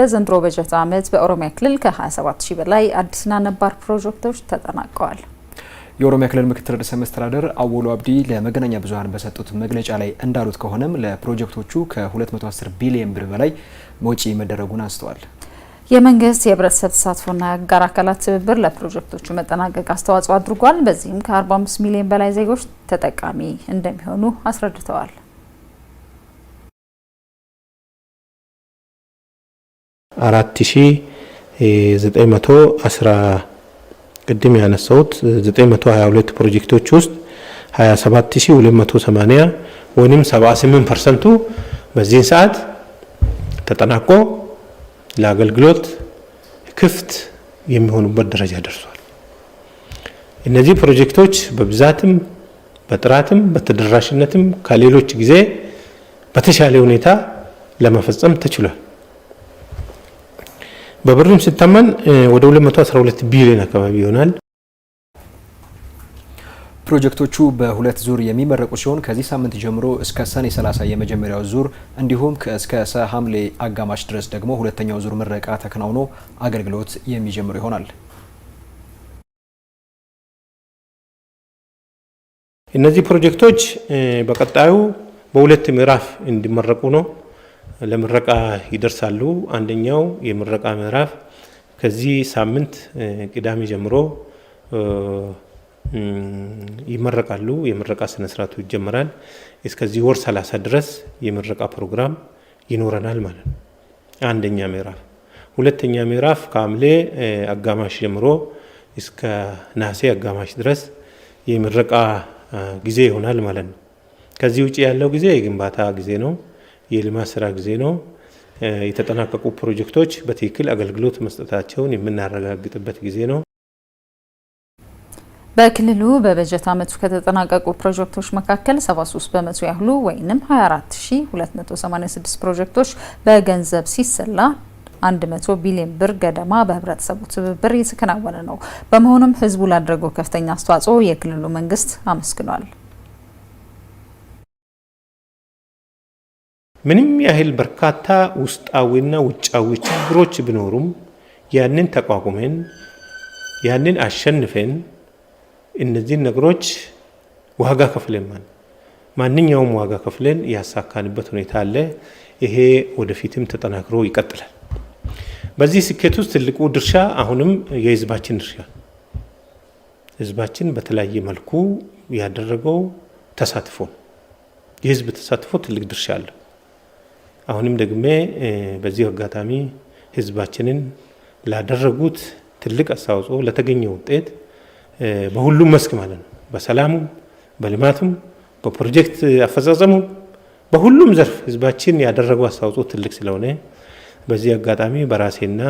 በዘንድሮ በጀት ዓመት በኦሮሚያ ክልል ከ27 ሺህ በላይ አዲስና ነባር ፕሮጀክቶች ተጠናቀዋል። የኦሮሚያ ክልል ምክትል ርዕሰ መስተዳደር አወሎ አብዲ ለመገናኛ ብዙኃን በሰጡት መግለጫ ላይ እንዳሉት ከሆነም ለፕሮጀክቶቹ ከ210 ቢሊዮን ብር በላይ ወጪ መደረጉን አንስተዋል። የመንግስት የህብረተሰብ ተሳትፎና የአጋር አካላት ትብብር ለፕሮጀክቶቹ መጠናቀቅ አስተዋጽኦ አድርጓል። በዚህም ከ45 ሚሊዮን በላይ ዜጎች ተጠቃሚ እንደሚሆኑ አስረድተዋል። አራት ሺ eh, ዘጠኝ ቅድም ያነሳውት 922 eh, ፕሮጀክቶች ውስጥ 27280 ወይም 78 ፐርሰንቱ በዚህን ሰዓት ተጠናቆ ለአገልግሎት ክፍት የሚሆኑበት ደረጃ ደርሷል። እነዚህ ፕሮጀክቶች በብዛትም በጥራትም በተደራሽነትም ከሌሎች ጊዜ በተሻለ ሁኔታ ለመፈጸም ተችሏል። በብርም ሲታመን ወደ 212 ቢሊዮን አካባቢ ይሆናል። ፕሮጀክቶቹ በሁለት ዙር የሚመረቁ ሲሆን ከዚህ ሳምንት ጀምሮ እስከ ሰኔ 30 የመጀመሪያው ዙር እንዲሁም እስከ ሐምሌ አጋማሽ ድረስ ደግሞ ሁለተኛው ዙር ምረቃ ተከናውኖ አገልግሎት የሚጀምሩ ይሆናል። እነዚህ ፕሮጀክቶች በቀጣዩ በሁለት ምዕራፍ እንዲመረቁ ነው ለምረቃ ይደርሳሉ። አንደኛው የምረቃ ምዕራፍ ከዚህ ሳምንት ቅዳሜ ጀምሮ ይመረቃሉ። የምረቃ ስነስርዓቱ ይጀምራል። እስከዚህ ወር ሰላሳ ድረስ የምረቃ ፕሮግራም ይኖረናል ማለት ነው። አንደኛ ምዕራፍ። ሁለተኛ ምዕራፍ ከሐምሌ አጋማሽ ጀምሮ እስከ ነሐሴ አጋማሽ ድረስ የምረቃ ጊዜ ይሆናል ማለት ነው። ከዚህ ውጭ ያለው ጊዜ የግንባታ ጊዜ ነው። የልማት ስራ ጊዜ ነው። የተጠናቀቁ ፕሮጀክቶች በትክክል አገልግሎት መስጠታቸውን የምናረጋግጥበት ጊዜ ነው። በክልሉ በበጀት ዓመቱ ከተጠናቀቁ ፕሮጀክቶች መካከል 73 በመቶ ያህሉ ወይም 24286 ፕሮጀክቶች በገንዘብ ሲሰላ 100 ቢሊዮን ብር ገደማ በህብረተሰቡ ትብብር እየተከናወነ ነው። በመሆኑም ህዝቡ ላደረገው ከፍተኛ አስተዋጽኦ የክልሉ መንግስት አመስግኗል። ምንም ያህል በርካታ ውስጣዊና ውጫዊ ችግሮች ቢኖሩም ያንን ተቋቁመን ያንን አሸንፈን እነዚህን ነገሮች ዋጋ ከፍለን ማ ማንኛውም ዋጋ ከፍለን ያሳካንበት ሁኔታ አለ። ይሄ ወደፊትም ተጠናክሮ ይቀጥላል። በዚህ ስኬት ውስጥ ትልቁ ድርሻ አሁንም የህዝባችን ድርሻ ህዝባችን በተለያየ መልኩ ያደረገው ተሳትፎ የህዝብ ተሳትፎ ትልቅ ድርሻ አለው። አሁንም ደግሜ በዚሁ አጋጣሚ ህዝባችንን ላደረጉት ትልቅ አስተዋጽኦ ለተገኘ ውጤት በሁሉም መስክ ማለት ነው፣ በሰላሙም፣ በልማቱም፣ በፕሮጀክት አፈጻጸሙም በሁሉም ዘርፍ ህዝባችን ያደረገው አስተዋጽኦ ትልቅ ስለሆነ በዚህ አጋጣሚ በራሴና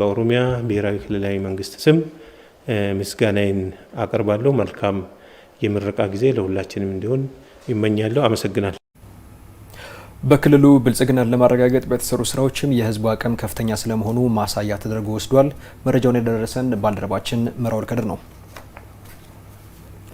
በኦሮሚያ ብሔራዊ ክልላዊ መንግስት ስም ምስጋናዬን አቀርባለሁ። መልካም የምረቃ ጊዜ ለሁላችንም እንዲሆን ይመኛለሁ። አመሰግናለሁ። በክልሉ ብልጽግናን ለማረጋገጥ በተሰሩ ስራዎችም የህዝቡ አቅም ከፍተኛ ስለመሆኑ ማሳያ ተደርጎ ወስዷል። መረጃውን የደረሰን ባልደረባችን መራወል ከድር ነው።